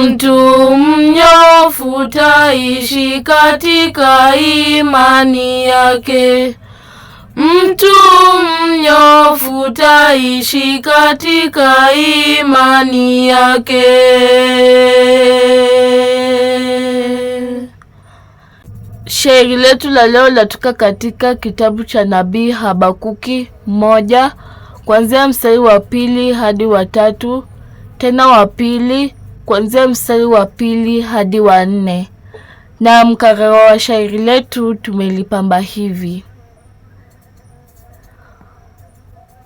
Mtu mnyofu taishi katika imani yake. Mtu mnyofu taishi katika imani yake. Shairi letu la leo latoka katika kitabu cha nabii Habakuki moja kuanzia mstari wa pili hadi wa tatu tena wa pili kuanzia mstari wa pili hadi wa nne. Na mkarara wa shairi letu tumelipamba hivi: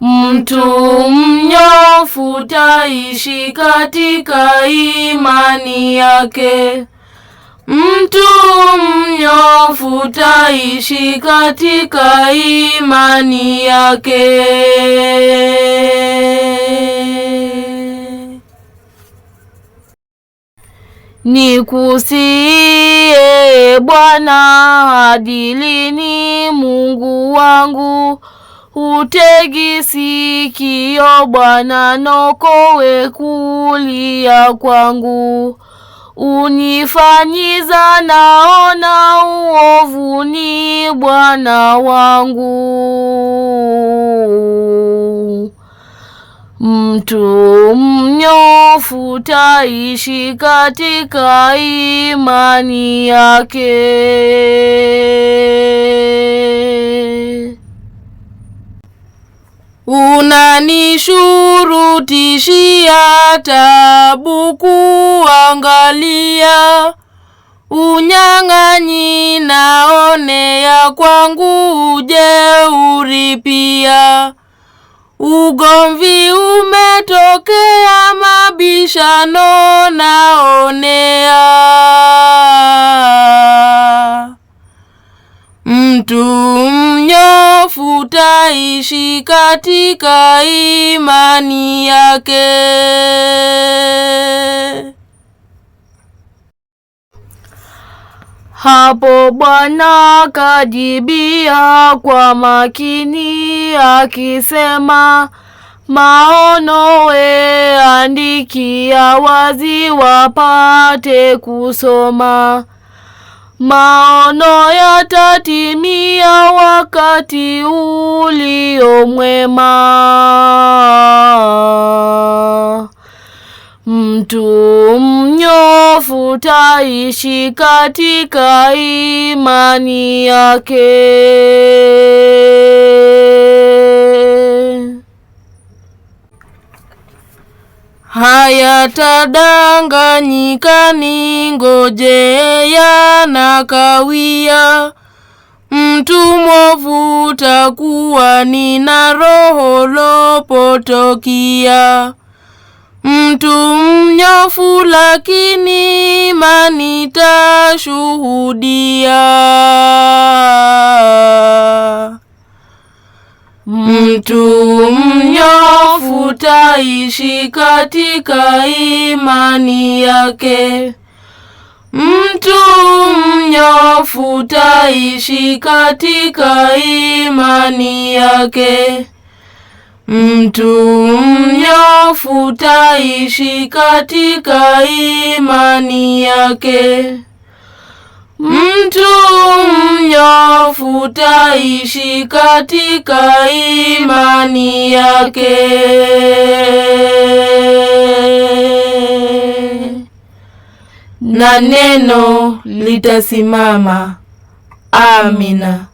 Mtu mnyofu taishi katika imani yake, mtu mnyofu taishi katika imani yake. Nikusiye ee Bwana hadi lini? Mungu wangu Utegi sikio Bwana nokowe kulia kwangu. Unifanyiza naona uovuni, Bwana wangu mtu tutaishi katika imani yake. Unanishurutishia tabu kuangalia, unyang'anyi naonea kwangu ujeuri pia, ugomvi umetokea mabishano naonea, mtu mnyofu taishi katika imani yake. Hapo Bwana kajibia kwa makini akisema, maono we kusikia wazi wapate kusoma. Maono yatatimia wakati ulio mwema. Mtu mnyofu taishi katika imani yake. hayatadanganyika, ningoje yanakawia. Mtu mwovu takuwa, na roho lopotokia. Mtu mnyofu, lakini imani tashuhudia. Mtu mnyofu ataishi katika imani yake. Mtu mnyofu taishi katika imani yake. Mtu mnyofu taishi katika imani yake. Mtu mnyofu taishi katika imani yake. Na neno litasimama. Amina.